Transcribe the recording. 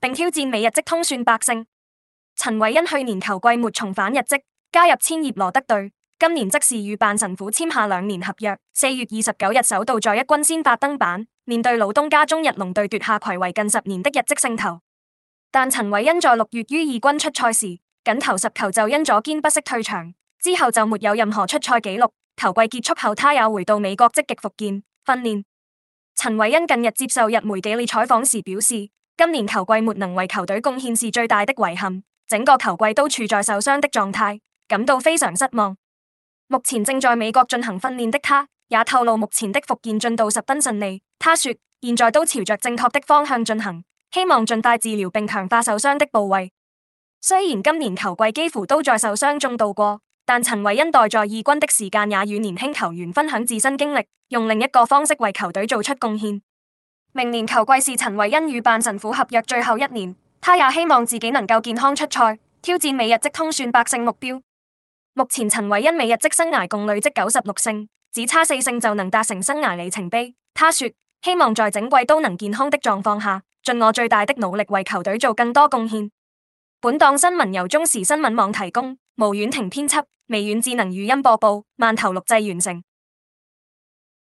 並挑戰美日職通算百勝。陳偉殷去年球季末重返日職，加入千葉羅德隊，今年則是與阪神簽下兩年合約。四月二十九日首度在一軍先發登板，面對老東家中日龍隊奪下暌違近十年的日職勝投。但陳偉殷在六月於二軍出賽時，僅投十球就因左肩不適退場，之後就沒有任何出賽紀錄。球季結束後，他也回到美國積極復健訓練。陳偉殷近日接受日媒記者採訪時表示。今年球季沒能為球隊貢獻是最大的遺憾，整個球季都處在受傷的狀態，感到非常失望。目前正在美國進行訓練的他，也透露目前的復健進度十分順利。他說：現在都朝着正確的方向進行，希望盡快治療並強化受傷的部位。雖然今年球季幾乎都在受傷中度過，但陳偉殷待在二軍的時間也與年輕球員分享自身經歷，用另一個方式為球隊做出貢獻。明年球季是陳偉殷與阪神虎合約最後一年，他也希望自己能夠健康出賽，挑戰美日職通算百勝目標。目前陳偉殷美日職生涯共累積九十六勝，只差四勝就能達成生涯里程碑。他說：希望在整季都能健康的狀況下，盡我最大的努力為球隊做更多貢獻。本檔新聞由中時新聞網提供，吳遠廷編輯，微軟智能語音播報，萬頭錄製完成。